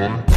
money.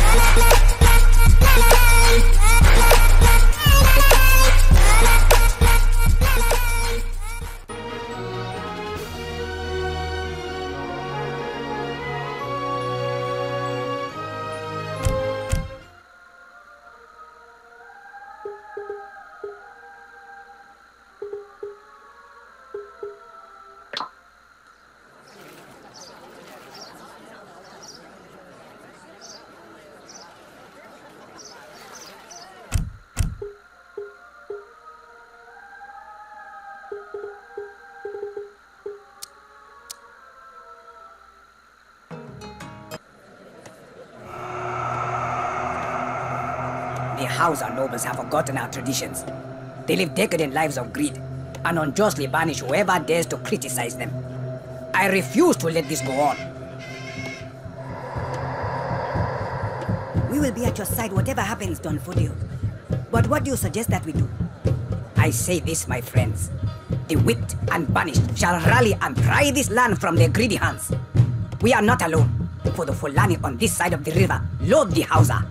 house our nobles have forgotten our traditions. They live decadent lives of greed, and unjustly banish whoever dares to criticize them. I refuse to let this go on. We will be at your side whatever happens, Don Fudio. But what do you suggest that we do? I say this, my friends. The whipped and banished shall rally and pry this land from their greedy hands. We are not alone, for the Fulani on this side of the river love the Hausa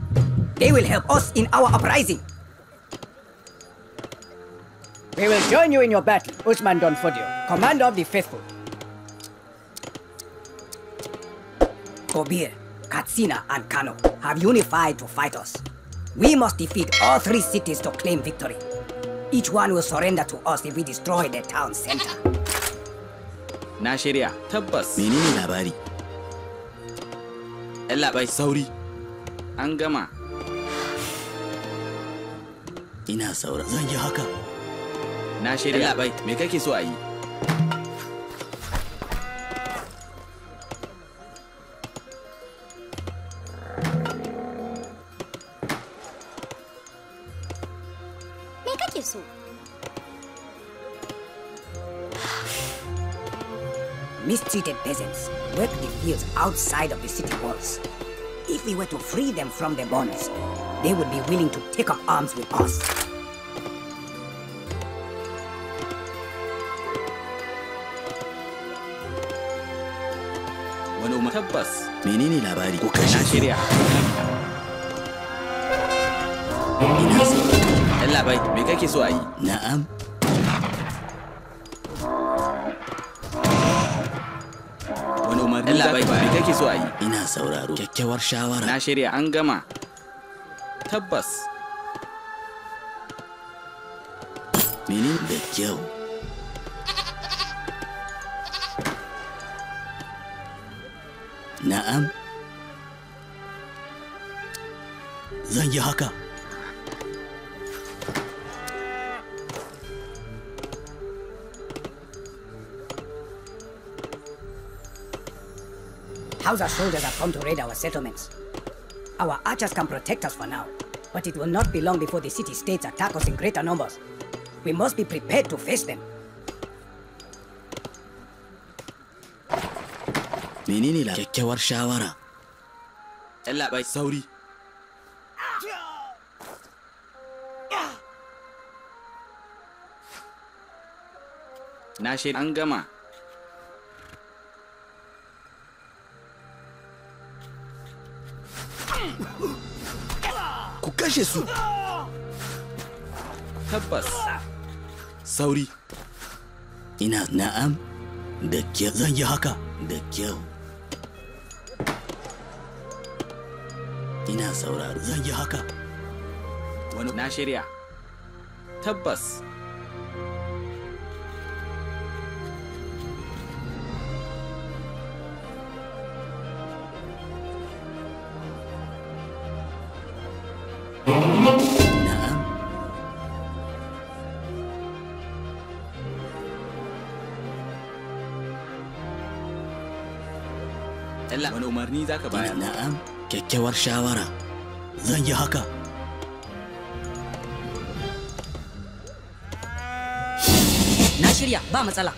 they will help us in our uprising. We will join you in your battle, Usman Don Fodio, commander of the faithful. Kobir, Katsina, and Kano have unified to fight us. We must defeat all three cities to claim victory. Each one will surrender to us if we destroy the town center. Na tabbas. Menene labari? Labai sauri. An gama. ina sauran zan yi haka na shirya bai, me kake so a yi me kake so Mistreated peasants work the fields outside of the city walls. if we were to free them from their bonds, they would be willing to take up arms with us. Wani umar tabbas menene labari ko kashe Ina so. me kake so a yi? Na'am. Allah bai bai kake so a yi ina sauraro kyakkyawar shawara na shirya an gama tabbas mini da kyau na'am zan yi haka Hausa soldiers have come to raid our settlements. Our archers can protect us for now, but it will not be long before the city-states attack us in greater numbers. We must be prepared to face them. Menene la kyakkyawar shawara? Ella by Saudi. Na shi gama. kashe su tabbas sauri ina na'am da kyau zan yi haka da kyau ina saura zan yi haka wani na shirya tabbas Allah wani umarni ka bayar na'am kyakkyawar shawara zan yi haka na shirya ba matsala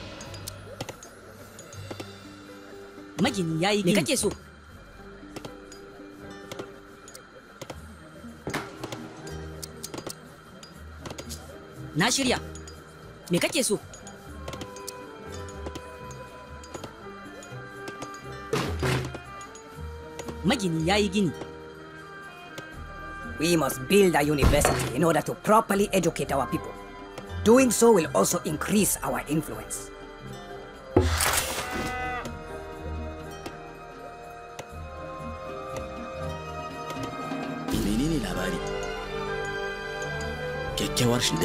magini yi me kake so na shirya me kake so Magini Yaigini. We must build a university in order to properly educate our people. Doing so will also increase our influence. Menini labari. Kyakkyawar shi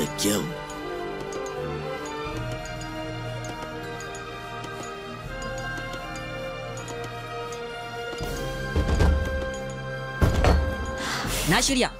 ナイスュリア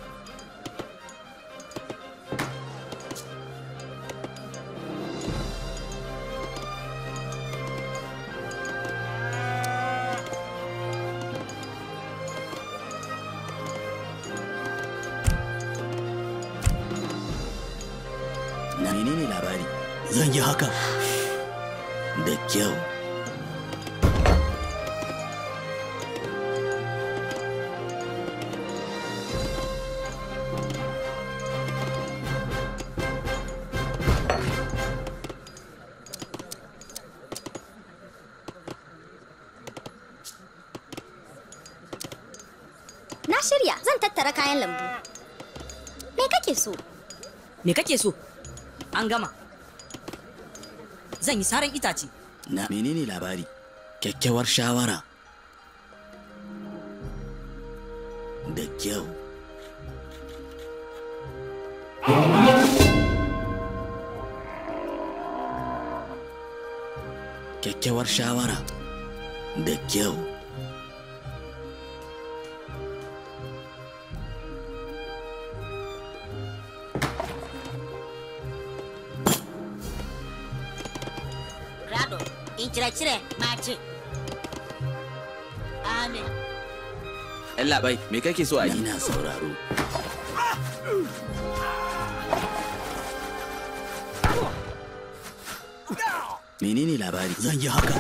Me kake so? An gama. Zan yi saran itace. Na menene labari? Kyakkyawar shawara. Da kyau. Kyakkyawar shawara. Da kyau. Allah cire mace. Amin. Allah bai, me kake so a yi? Ina sauraro. Menene labari? Zan yi haka.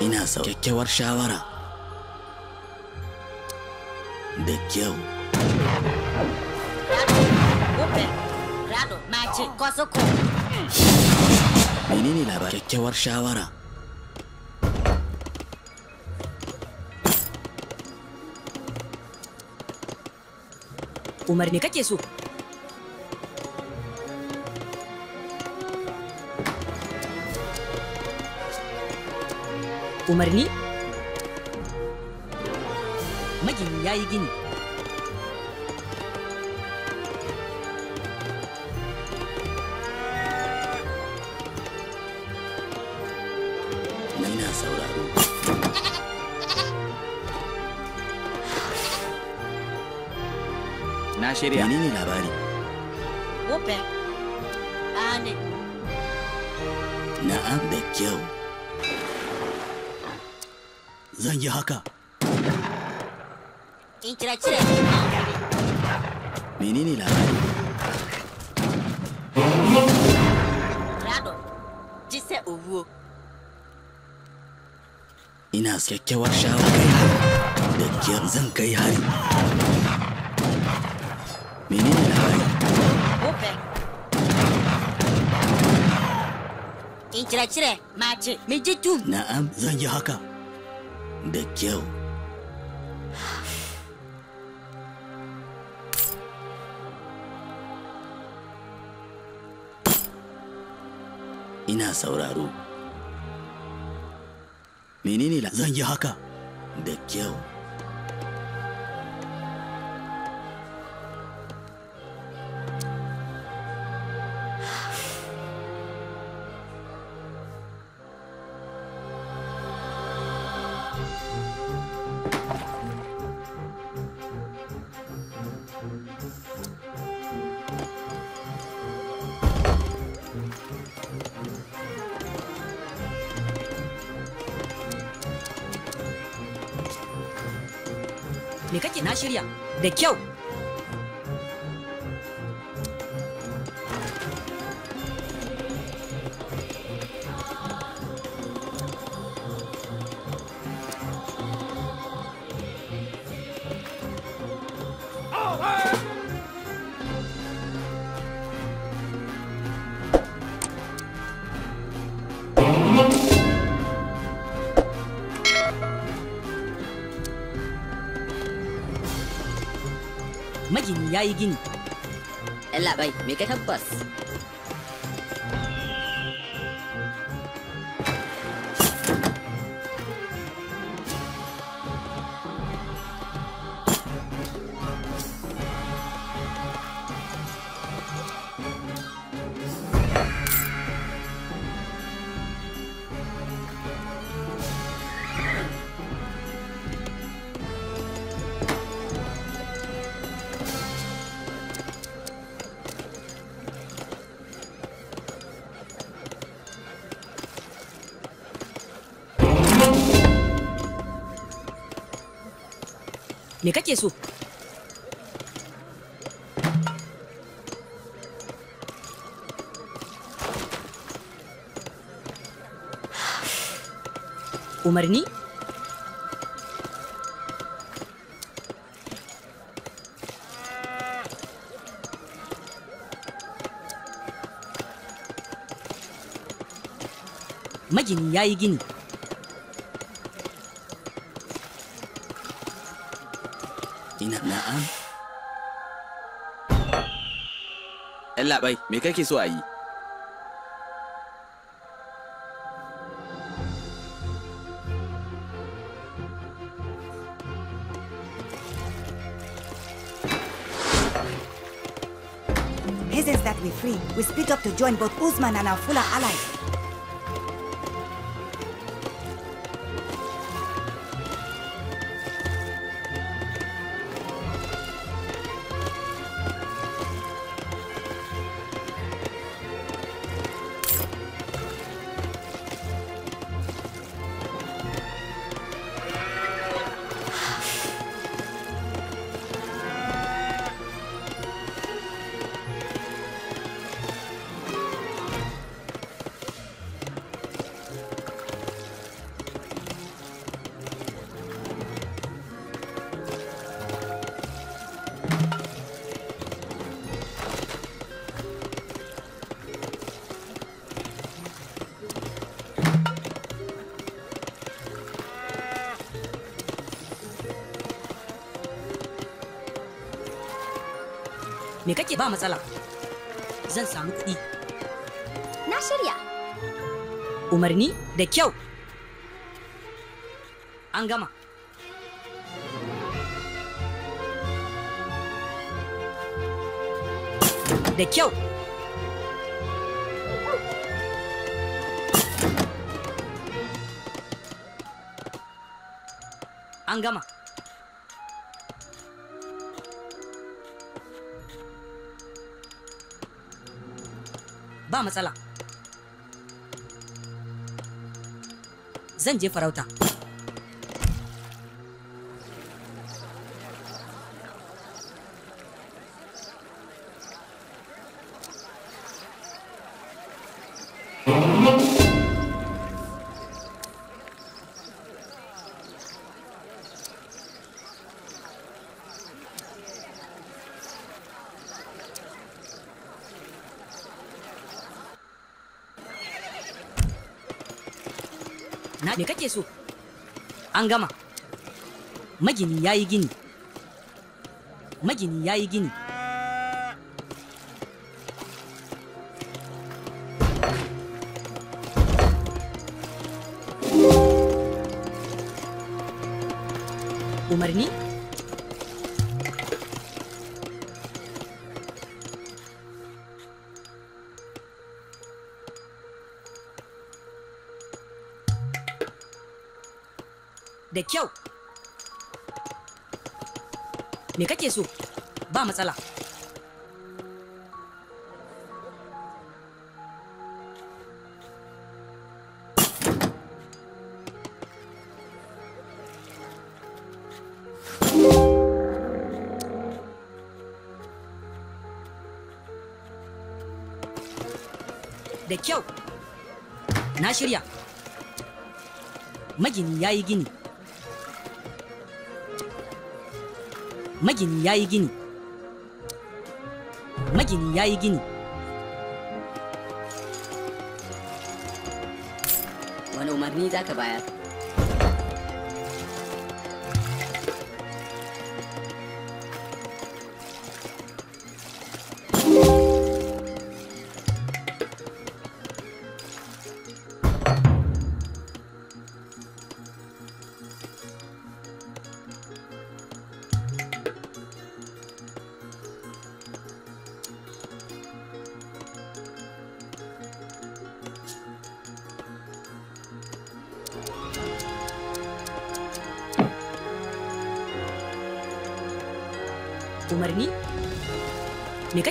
ina sau kyakkyawar shawara kyau Rado, mace, kwasuko. Menene labarin kyakkyawar shawara? Umarni me kake so? Umarni? Magini ya yi gini. shirya ne labari na'am da kyau zan yi haka in kira labari rado jise owuo ina kyakkyawar shawara da kyau zan kai hari w need an e i n r i e maci, meje tu. Na'am, zan yi haka. Da k y a Ina sauraro. Menene la zan yi haka? Da k y a da kyau yayi gini. Yan labai, me ka tabbas? kake so umarni magini ya yi gini Yalla bai, me kake so a yi? Peasants that we free, we speed up to join both Usman and our fuller allies. matsala zan samu kuɗi na shirya umarni da kyau an gama da kyau an gama ba matsala zan je farauta me kake so an gama magini ya yi gini magini ya yi gini umarni da kyau me kake so ba matsala da kyau na shirya magini ya yi gini magini ya yi gini magini ya yi gini wani umarni za ka bayar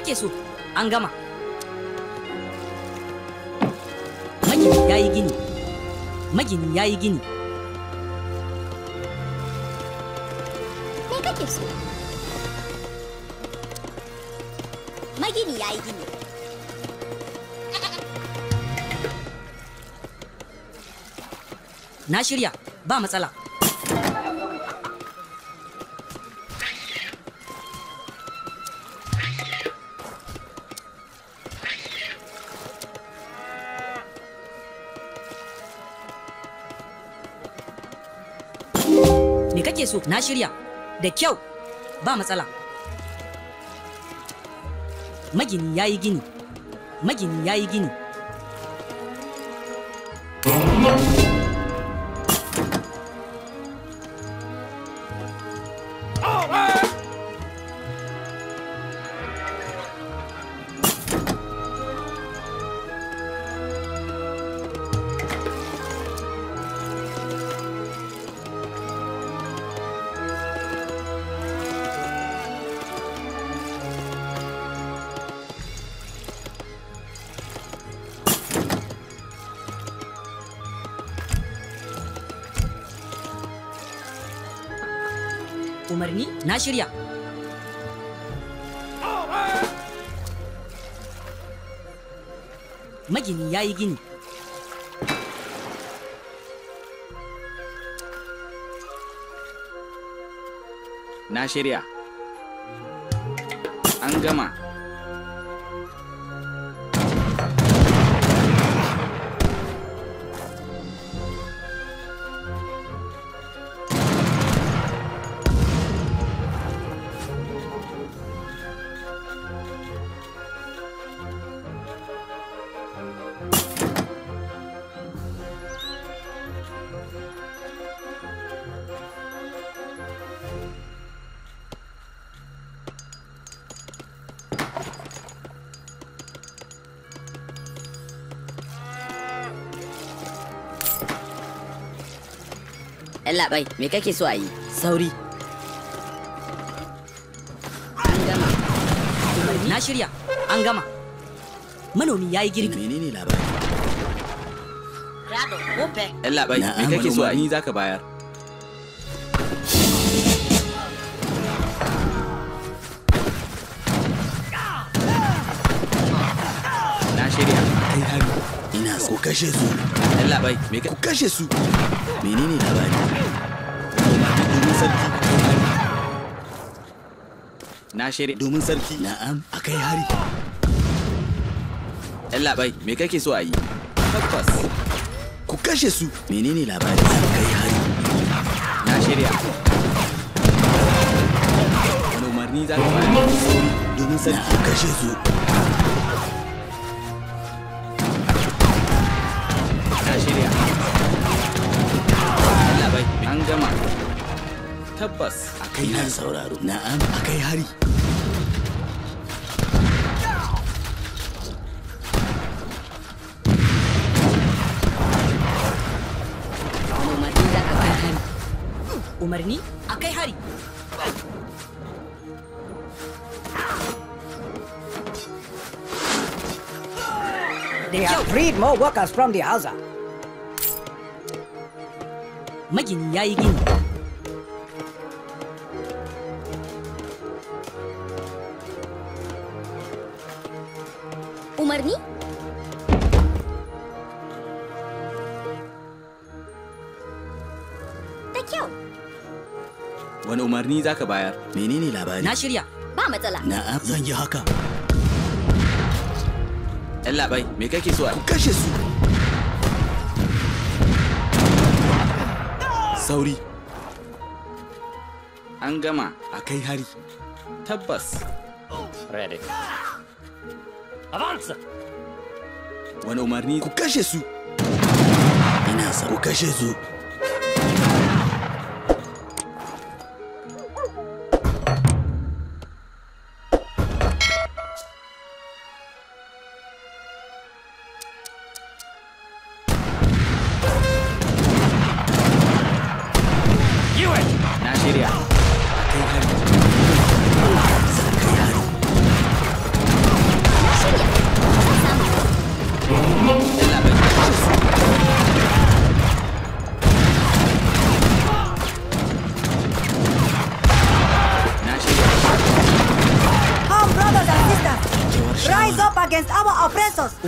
kake so an gama magini ya yi gini magini ya yi gini magini ya yi gini na shirya ba matsala so na shirya da kyau ba matsala magini ya gini magini ya yi gini shirya magini ya yi gini na shirya an gama Yalla bai, me kake so a yi? Sauri. Na shirya, an gama. Manomi ya yi girbi. Menene labari? Rado, gobe. Yalla bai, me kake so a yi zaka bayar? Na Ina so kashe su. Yalla bai, me kake? Ku kashe su. menene na shirya domin sarki hari kake so a yi tabbas ku kashe su menene labari hari na shirya za domin sarki kashe su tabbas akai har sauraro na'am akai hari umarni akai hari They have freed more workers from the house. Magini ya gini. umarni zaka bayar menene labari na shirya ba matsala Na zan yi haka yan labai me kake so a ku kashe su sauri an gama a kai hari tabbas ready avanza wani umarni ku kashe su ina sa ku kashe su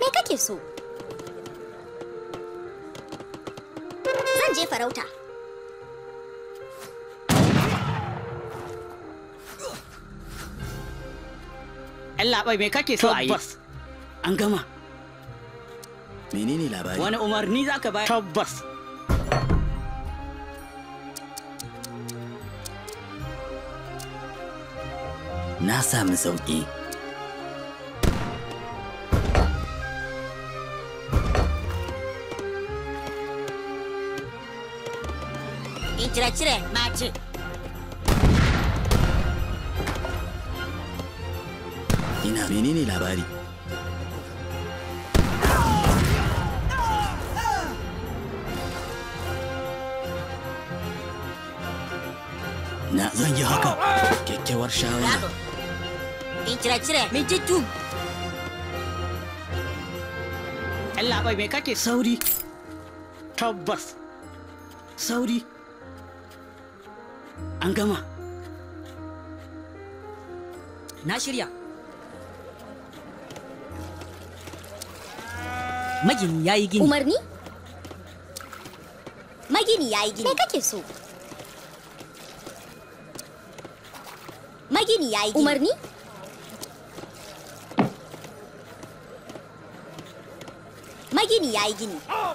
me kake so zan je farauta labai me kake so a yi an gama menene labari wani umarni za ka bayar tabbas na sami sauƙi Kirakire mace. Ina menene labari? Na zan yi haka kyakkyawar shawara. In cire-cire mai jittu. Allah bai mai kake sauri. Tabbas. Sauri. an gama na shirya magini ya yi gini umarni magini ya yi gini me kake so magini ya yi gini umarni magini ya yi gini ah!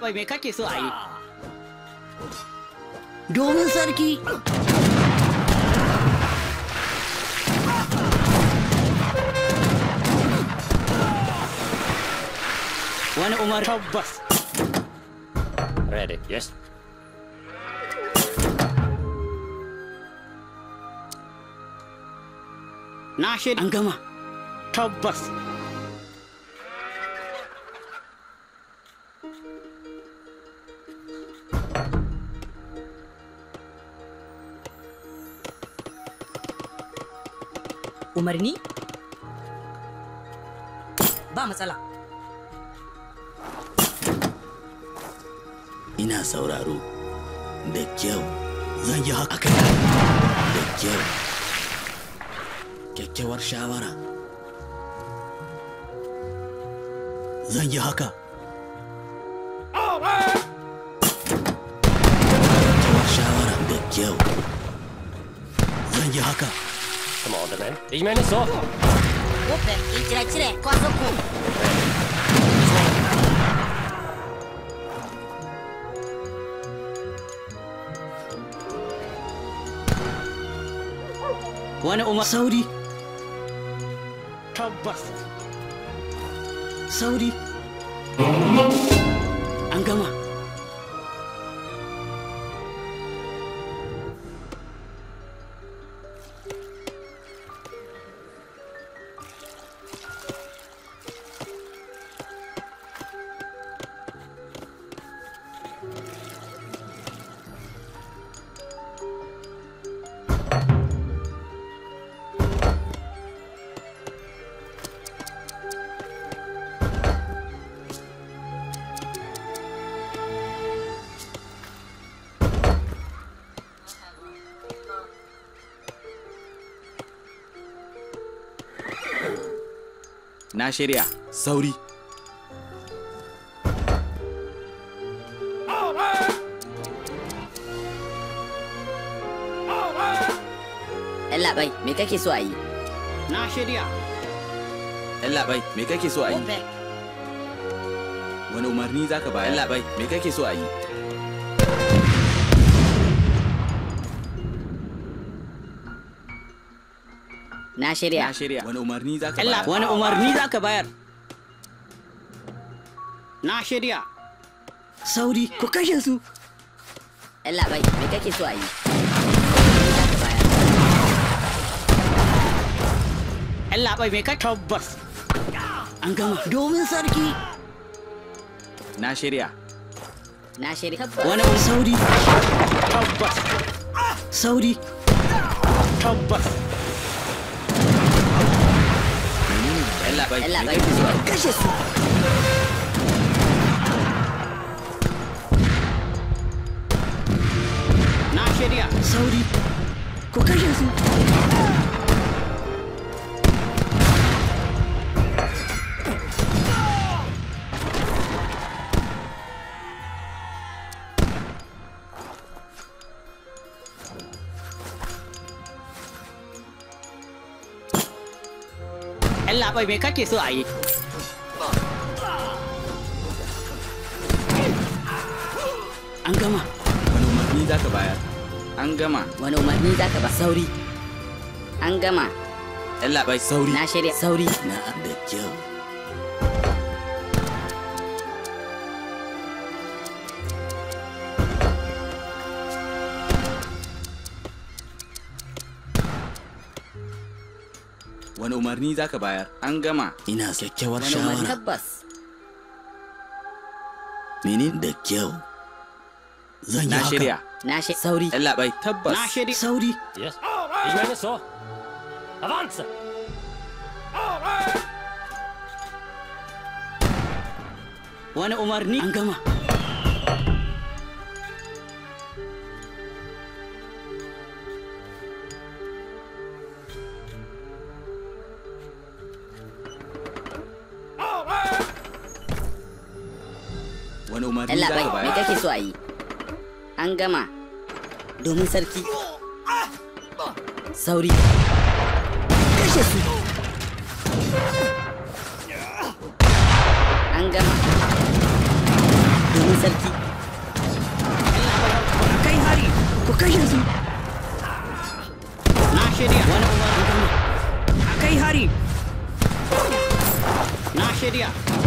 labai mai kake so a yi domin sarki wani umar tabbas ready yes na shi an gama tabbas umarni ba matsala ina sauraro da kyau zan yi haka da kyau kyakkyawar shawara zan yi haka kyakkyawar shawara da kyau zan yi haka Samordne. Ich meine so. Upe, idź leć re, kładzo ku. Wani u m a sauri. Tabbas. Sauri. Mm. na shirya sauri labai me kake so a yi na shirya labai me kake so a yi wani umarni zaka bayar labai me kake so a yi na shirya Na shirya. wani umarni za ka bayar wani umarni za ka bayar na shirya sauri ku kashe su Allah bai me kake so a yi Allah bai me ka tabbas an gama domin sarki na shirya na shirya wani sauri tabbas sauri tabbas Like, la vaina. ¡Cállese! ¡Sauri! ¡Cállese! me kake so a à an gama wani umarni za ka bayar an gama wani umarni za ka ba sauri an gama yalla bai sauri na shirya sauri na da chưa wani umarni za ka bayar an gama ina kyakkyawar shawara tabbas mene da kyau zan yi na shirya na shirya sauri labai tabbas na shirya sauri yes so wani umarni an gama Me kake so a yi? An gama. Domin sarki. Sauri. Kashe su. An gama. Domin sarki. Kai hari, ku kashe su. Na shirya. Wani umarni. kai hari. Na shirya.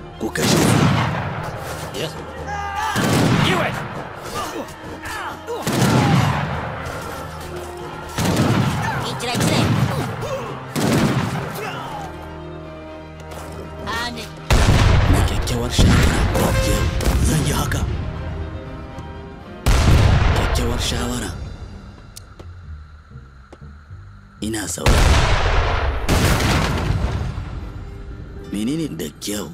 誤解しますいや You it! زي هكا كتور شاورة ina saura menene da kyau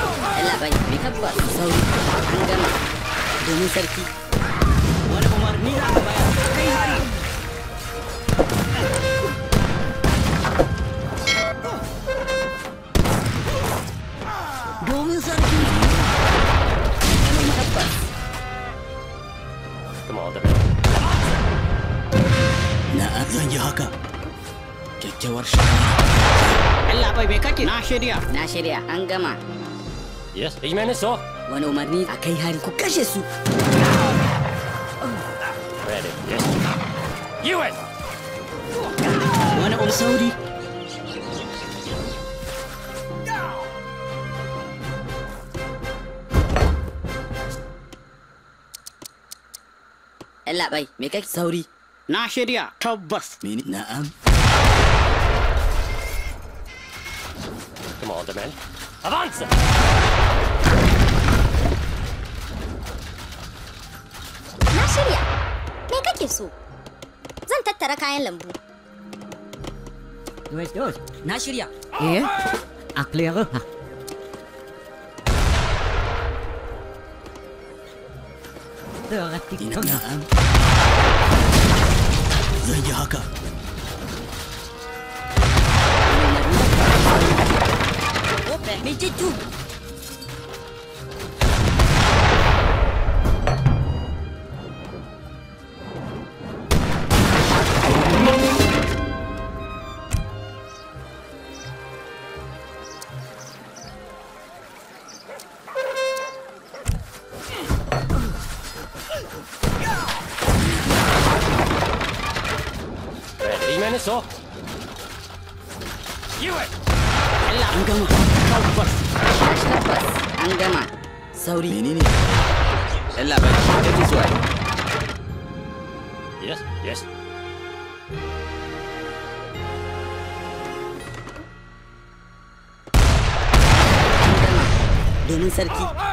Allah bai mai kabba sauri an gama domin sarki wani umarni za ka bayar kai hari domin sarki mai kabba na zan yi haka kyakkyawar shari'a Allah bai bai kake na shirya na shirya an gama Yes, ich meine so. Wano mani akai hari ku kaje su. Ready, yes. You it. Wani um Saudi. Ella bai, me kake sauri? Na shirya tabbas. Na'am. Come on, man. Avanza! Na shirya. Me kake so? Zan tattara kayan lambu. Los, los. Na shirya. Eh? Ah. Erkläre. Dora, die Zunge an. Zan yi 没接住。सरकी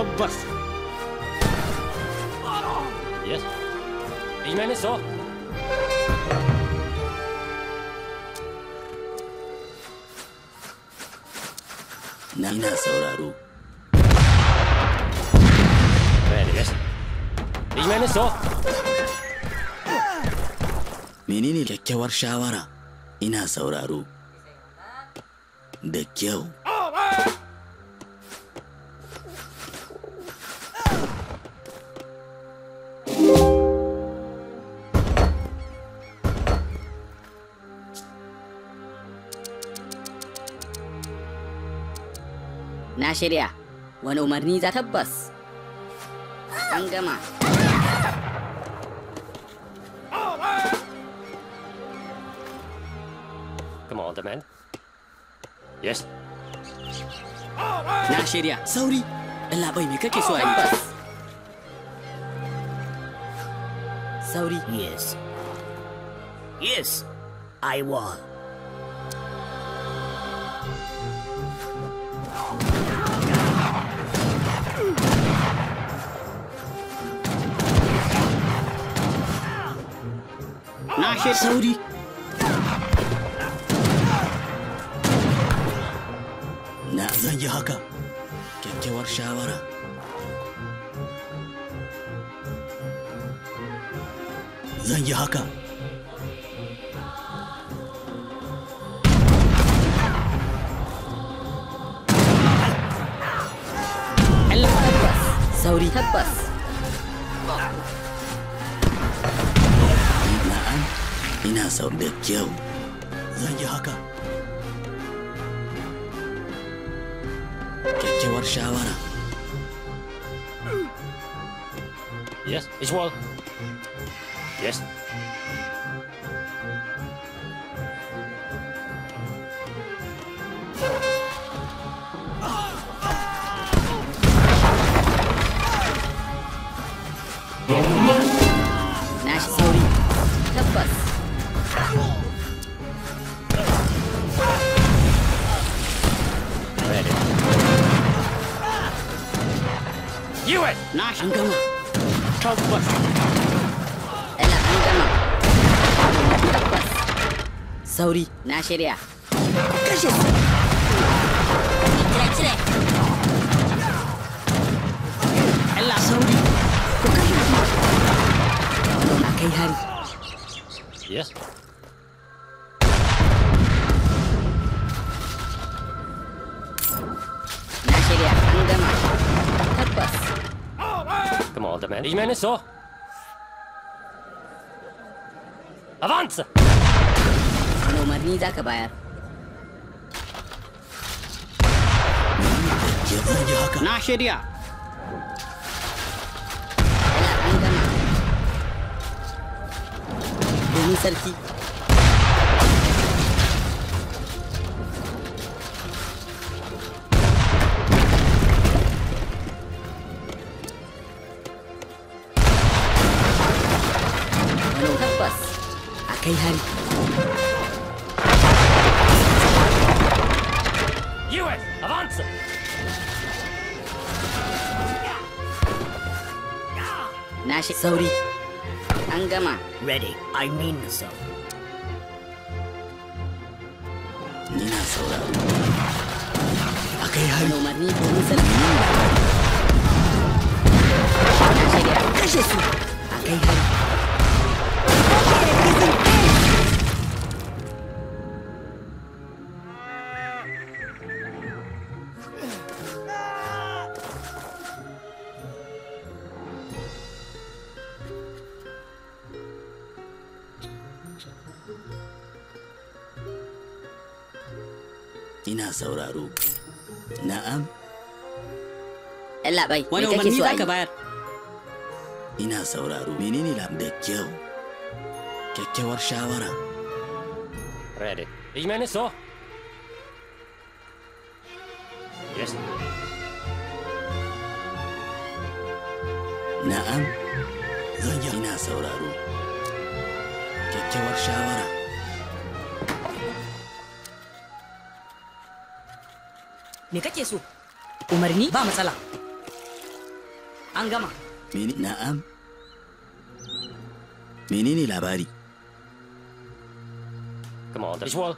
Now Yes. Ich meine so. ina kyakkyawar shawara? Ina sauraro. Da kyau. shirya wani umarni needs tabbas an Come on, the man. Yes. Na shirya, sauri. Allah bai me a Yes. Yes, I will. عشر ثوري لا زنجي هكا كيف شاورة زنجي هكا هلا هبس ثوري هبس ina son da kyau zan yi haka kyakkyawar shawara yes it's well yes an gama tabbas an sauri na shirya kashe cire cire Allah sauri ku kashe kai hari Rimeneso! Avanza! Anomalida kabayar. Nasheria! Demi-sarki. US, avanza! Nashi Sauri. Angama. Ready. I mean so. Nina Sora. dan labai me kake so ka bayar ina sauraro menene da kyau kyakkyawar shawara ready ich meine so yes na'am zan yi ina sauraro kyakkyawar shawara Me kake so? Umarni ba matsala. an gama mene na'am menene labari Come on, this one.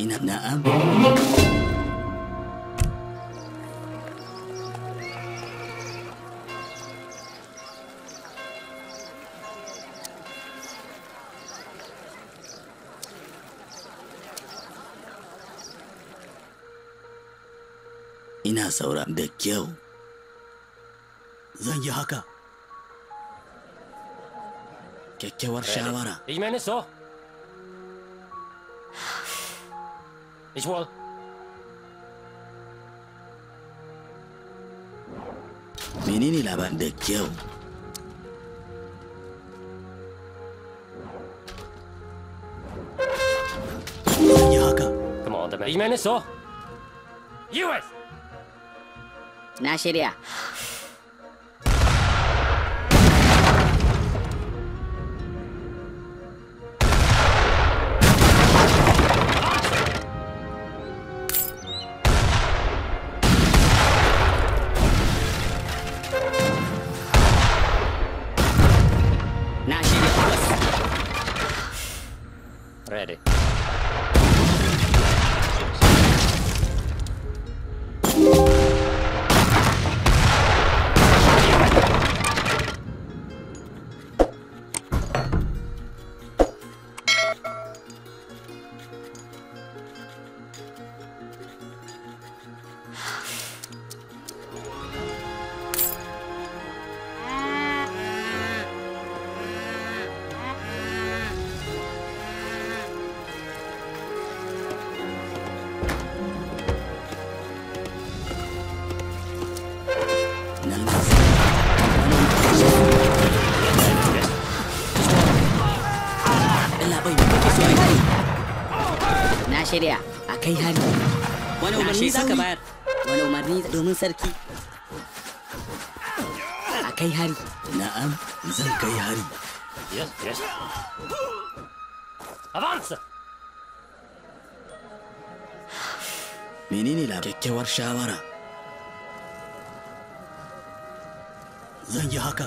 إن نعم Ina sauran da kyau. Zan yi haka. Kyakkyawar shawara. Imeneso! Ich w o l m e n e n i labarin da kyau? Ya haka. Kuma da mai. m a n i so. US. Na shirya. shirya a kai hari wani umarni za ka bayar wani umarni domin sarki a kai hari na'am zan kai hari yes yes menene labarai kyakkyawar shawara zan yi haka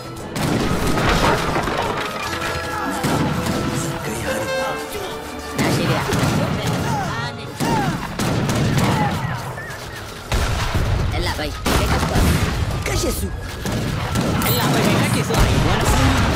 sosai kai ka kashe su Allah bai so a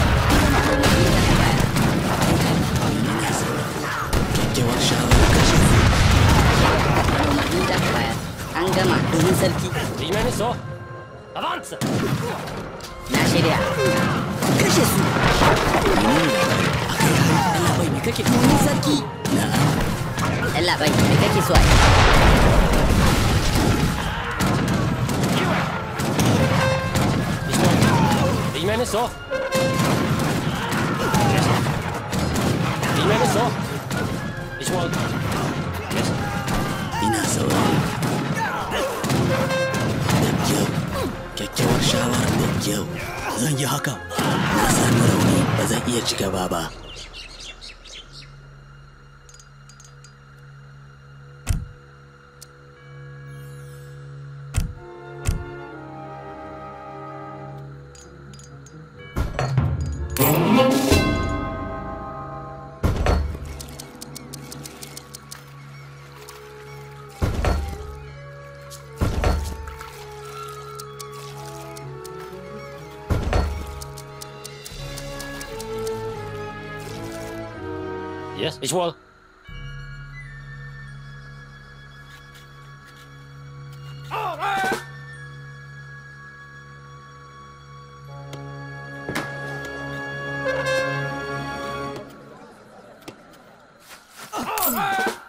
Ich wohl.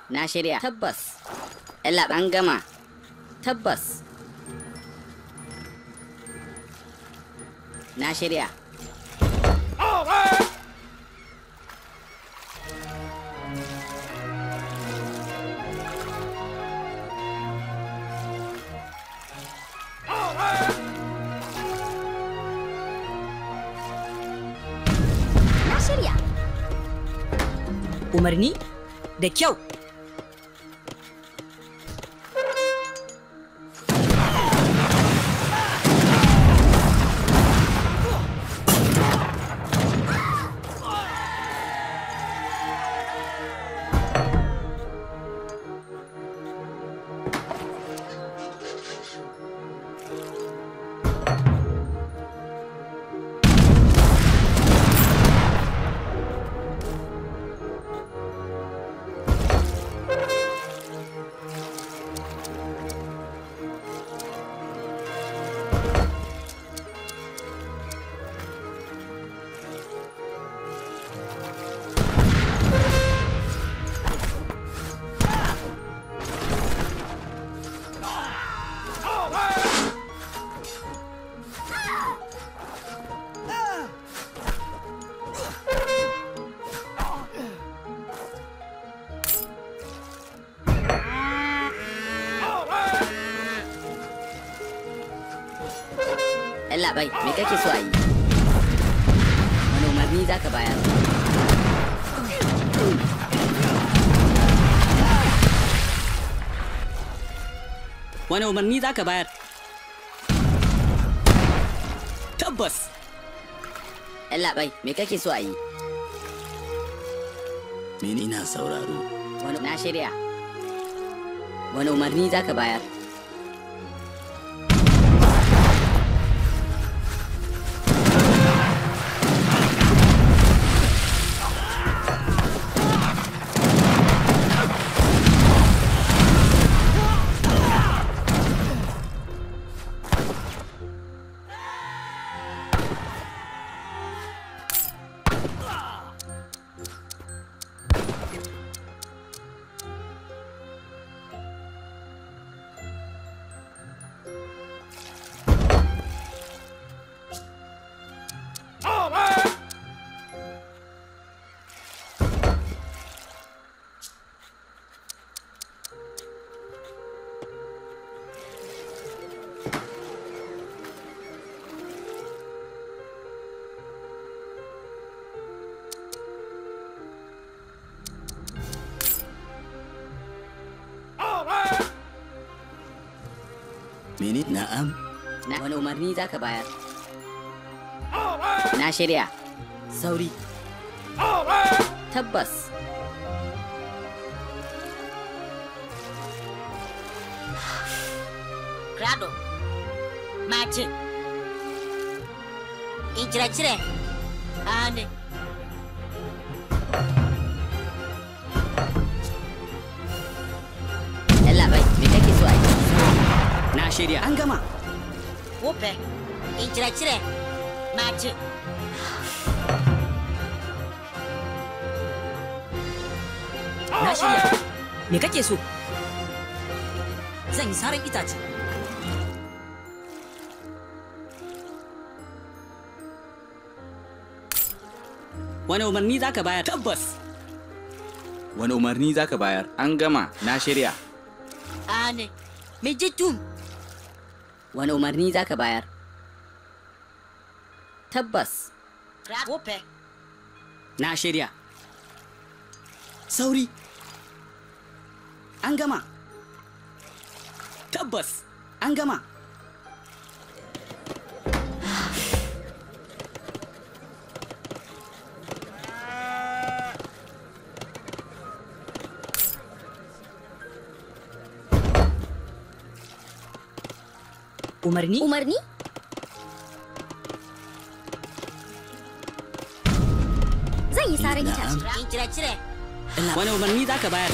Na shirya. Tabbas. Ella dan gama. Tabbas. Na shirya. Oh, hey! umarni da kyau kake so a yi wani umarni za ka bayar wani umarni za ka bayar tabbas yan labai me kake so a yi mene ina sauraro wani na shirya wani umarni za ka bayar Na'am. Na Wani umarni za ka bayar? Na shirya. Sauri. Tabbas. Crado. mace, Injira cire. Ane. shirya. An gama. Wufe, in cire cire, mace. Na shirya. Ah, ah. Me kake so? Zan yi saran itace. Wani umarni za ka bayar? Tabbas. Wani umarni za ka bayar? An gama, na shirya. Ane, me jitum. wani umarni zaka bayar tabbas na shirya sauri an gama tabbas an gama umarni umarni zan yi sarar itace wani umarni ka bayar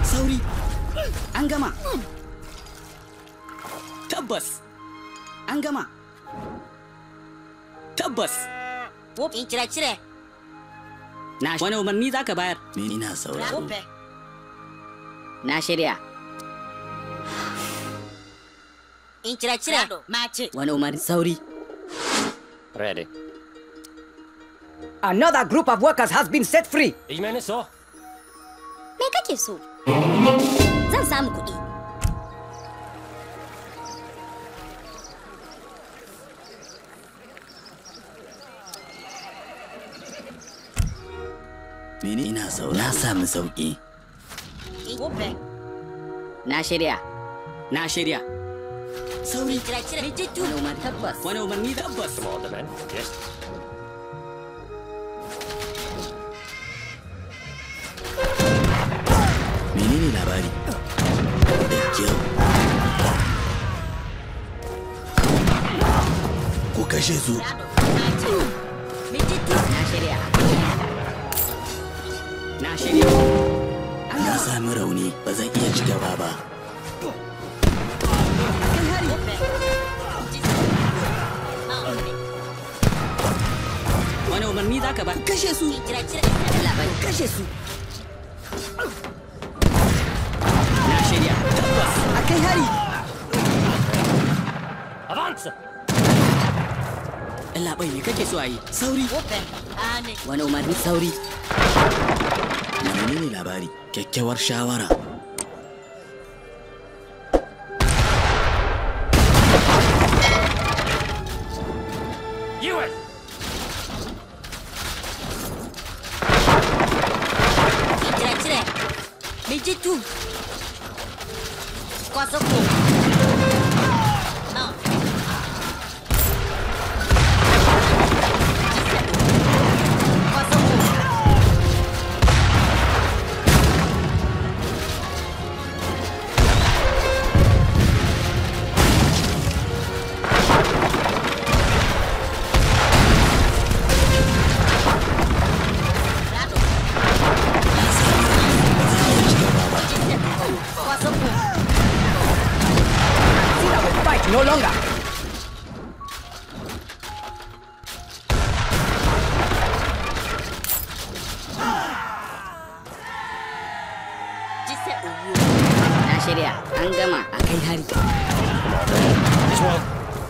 sauri an gama tabbas an gama tabbas na wani umarni ka bayar ni na sauraro na shirya in kira kira mace wani umarni ready another group of workers has been set free imene so me kake so zan samu kuɗi Mene ina sau na samu sauƙi. Na shirya, na shirya. sauri kira kira tabbas wani tabbas yes menene labari ku kashe su na shirya sami rauni ba zan iya ci gaba ba Ni za ka ba kashe su kashe su na shirya tabbas a kai hari avance labai me kake so a yi sauri wani umarni sauri ne labari kyakkyawar shawara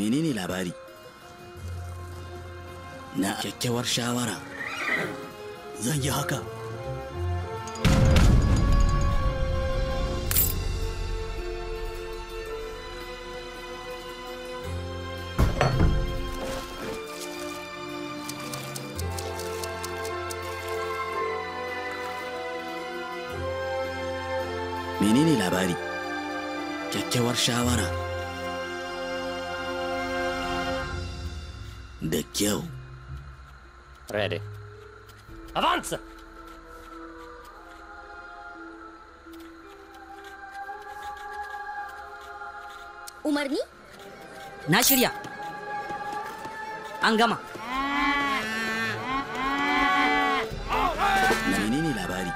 menene labari na kyakkyawar shawara zan yi haka menene labari kyakkyawar shawara da kyau. Ready. Avanza! Umarni? Na shirya. An gama. Menene labari?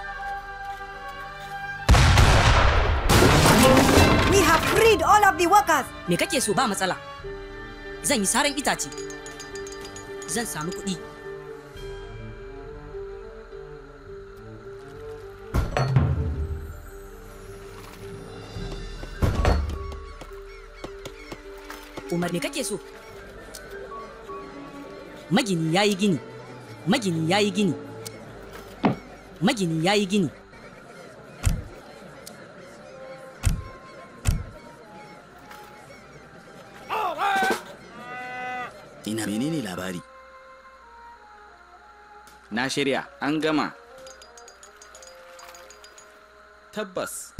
We have freed all of the workers. Me kake so ba matsala. Zan yi saran itace. zan samu kuɗi Umar me kake so? Magini ya yi gini, magini ya yi gini, magini ya yi gini. Ina menene labari? na shirya an gama tabbas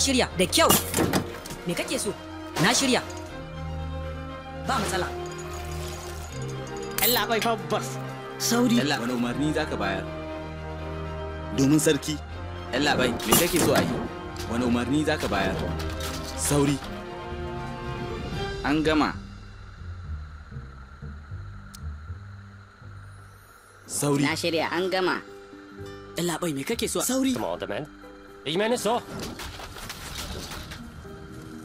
na shirya da kyau me kake so na shirya ba matsala Allah bai tabbas sauri Allah wani umarni zaka bayar domin sarki Allah bai me kake so a yi wani umarni zaka bayar sauri an gama sauri na shirya an gama Allah bai me kake so sauri meine so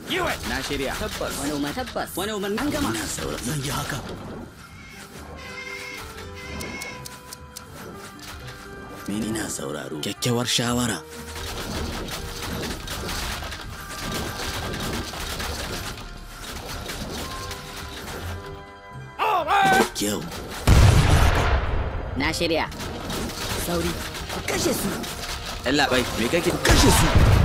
yi wa na shirya tabbas wani umar tabbas wani umar an gama na saura zan yi haka ni na sauraro kyakkyawar shawara kyau na shirya sauri kashe su Allah bai me kake kashe su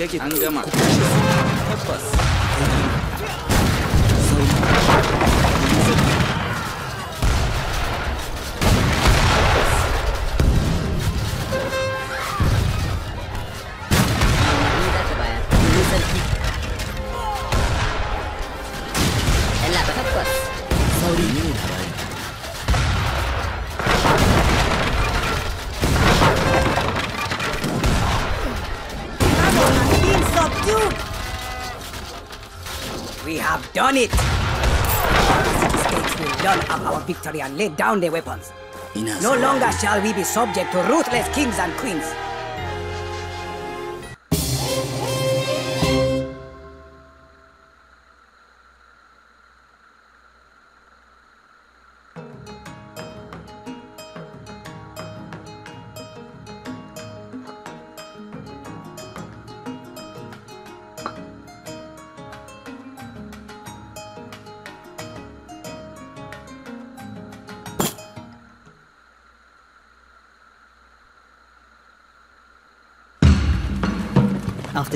kake an gama done it! States will learn of our victory and lay down their weapons. Enough. No longer shall we be subject to ruthless kings and queens.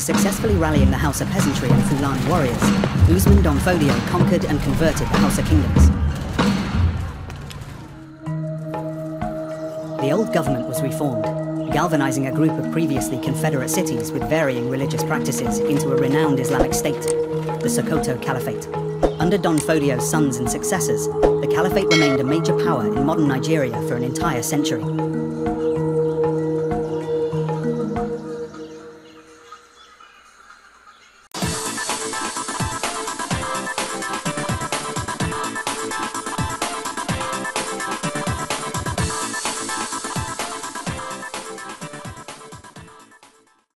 successfully rallying the Hausa peasantry and Fulani warriors, Usman Domfolio conquered and converted the Hausa kingdoms. The old government was reformed, galvanizing a group of previously confederate cities with varying religious practices into a renowned Islamic state, the Sokoto Caliphate. Under Don Fodio's sons and successors, the Caliphate remained a major power in modern Nigeria for an entire century.